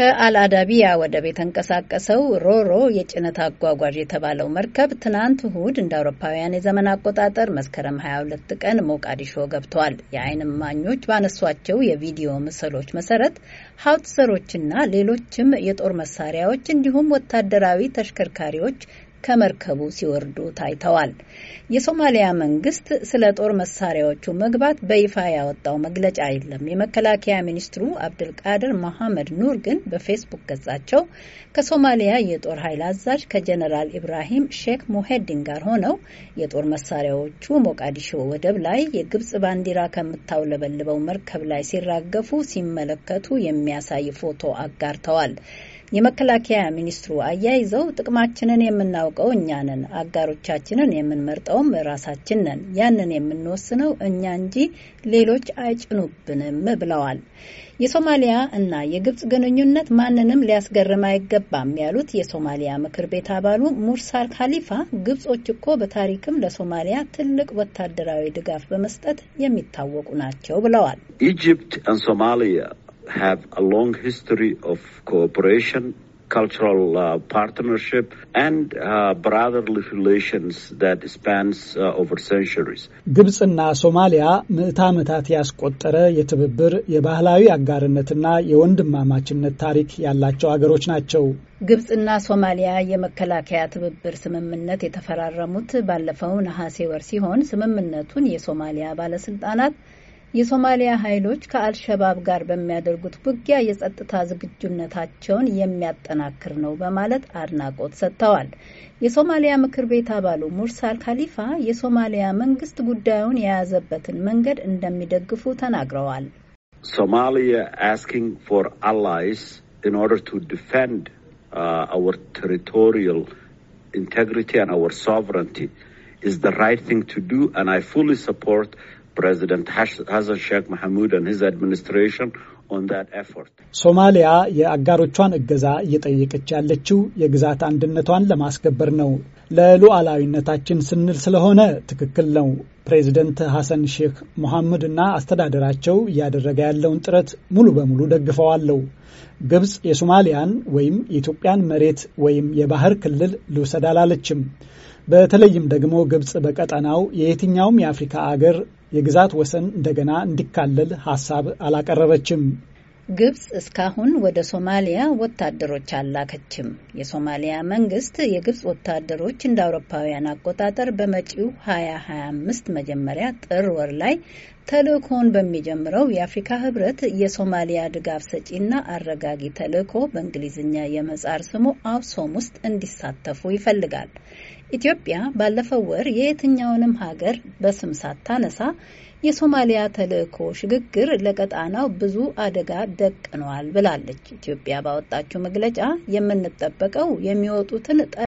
ከአልአዳቢያ ወደብ የተንቀሳቀሰው ሮሮ የጭነት አጓጓዥ የተባለው መርከብ ትናንት እሁድ እንደ አውሮፓውያን የዘመን አቆጣጠር መስከረም 22 ቀን ሞቃዲሾ ገብቷል። የዓይን እማኞች ባነሷቸው የቪዲዮ ምስሎች መሰረት ሀውትዘሮችና ሌሎችም የጦር መሳሪያዎች እንዲሁም ወታደራዊ ተሽከርካሪዎች ከመርከቡ ሲወርዱ ታይተዋል። የሶማሊያ መንግስት ስለ ጦር መሳሪያዎቹ መግባት በይፋ ያወጣው መግለጫ የለም። የመከላከያ ሚኒስትሩ አብድልቃድር መሐመድ ኑር ግን በፌስቡክ ገጻቸው ከሶማሊያ የጦር ኃይል አዛዥ ከጀነራል ኢብራሂም ሼክ ሞሄዲን ጋር ሆነው የጦር መሳሪያዎቹ ሞቃዲሾ ወደብ ላይ የግብጽ ባንዲራ ከምታውለበልበው መርከብ ላይ ሲራገፉ ሲመለከቱ የሚያሳይ ፎቶ አጋርተዋል። የመከላከያ ሚኒስትሩ አያይዘው ጥቅማችንን የምናውቀው እኛ ነን፣ አጋሮቻችንን የምንመርጠውም ራሳችን ነን። ያንን የምንወስነው እኛ እንጂ ሌሎች አይጭኑብንም ብለዋል። የሶማሊያ እና የግብጽ ግንኙነት ማንንም ሊያስገርም አይገባም ያሉት የሶማሊያ ምክር ቤት አባሉ ሙርሳል ካሊፋ ግብጾች እኮ በታሪክም ለሶማሊያ ትልቅ ወታደራዊ ድጋፍ በመስጠት የሚታወቁ ናቸው ብለዋል። ኢጅፕት ሶማሊያ have a long history of cooperation, cultural uh, partnership, and uh, brotherly relations that spans uh, over centuries. ግብጽና ሶማሊያ ምዕተ ዓመታት ያስቆጠረ የትብብር የባህላዊ አጋርነትና የወንድማማችነት ታሪክ ያላቸው አገሮች ናቸው። ግብጽና ሶማሊያ የመከላከያ ትብብር ስምምነት የተፈራረሙት ባለፈው ነሐሴ ወር ሲሆን ስምምነቱን የሶማሊያ ባለስልጣናት የሶማሊያ ኃይሎች ከአልሸባብ ጋር በሚያደርጉት ውጊያ የጸጥታ ዝግጁነታቸውን የሚያጠናክር ነው በማለት አድናቆት ሰጥተዋል። የሶማሊያ ምክር ቤት አባሉ ሙርሳል ካሊፋ የሶማሊያ መንግስት ጉዳዩን የያዘበትን መንገድ እንደሚደግፉ ተናግረዋል። ሶማሊያ አስኪንግ ፎር አላይስ ኢን ኦርደር ቱ ዲፌንድ አወር ቴሪቶሪያል ኢንቴግሪቲ ኤንድ አወር ሶቨረንቲ ኢዝ ዘ ራይት ቲንግ ቱ ዱ ኤንድ አይ ፉሊ ሰፖርት ፕሬዚደንት ሀሰን ሼክ Mohamud ን ሂዝ አድሚኒስትሬሽን ሶማሊያ የአጋሮቿን እገዛ እየጠየቀች ያለችው የግዛት አንድነቷን ለማስከበር ነው። ለሉዓላዊነታችን ስንል ስለሆነ ትክክል ነው። ፕሬዚደንት ሐሰን ሼክ ሞሐመድ እና አስተዳደራቸው እያደረገ ያለውን ጥረት ሙሉ በሙሉ ደግፈዋለሁ። ግብፅ የሶማሊያን ወይም የኢትዮጵያን መሬት ወይም የባህር ክልል ልውሰድ አላለችም። በተለይም ደግሞ ግብፅ በቀጠናው የየትኛውም የአፍሪካ አገር የግዛት ወሰን እንደገና እንዲካለል ሀሳብ አላቀረበችም። ግብፅ እስካሁን ወደ ሶማሊያ ወታደሮች አላከችም። የሶማሊያ መንግስት የግብፅ ወታደሮች እንደ አውሮፓውያን አቆጣጠር በመጪው 2025 መጀመሪያ ጥር ወር ላይ ተልእኮውን በሚጀምረው የአፍሪካ ህብረት የሶማሊያ ድጋፍ ሰጪና አረጋጊ ተልእኮ በእንግሊዝኛ የመጻር ስሙ አውሶም ውስጥ እንዲሳተፉ ይፈልጋል። ኢትዮጵያ ባለፈው ወር የየትኛውንም ሀገር በስም ሳታነሳ የሶማሊያ ተልእኮ ሽግግር ለቀጣናው ብዙ አደጋ ደቅኗል ብላለች። ኢትዮጵያ ባወጣችው መግለጫ የምንጠበቀው የሚወጡትን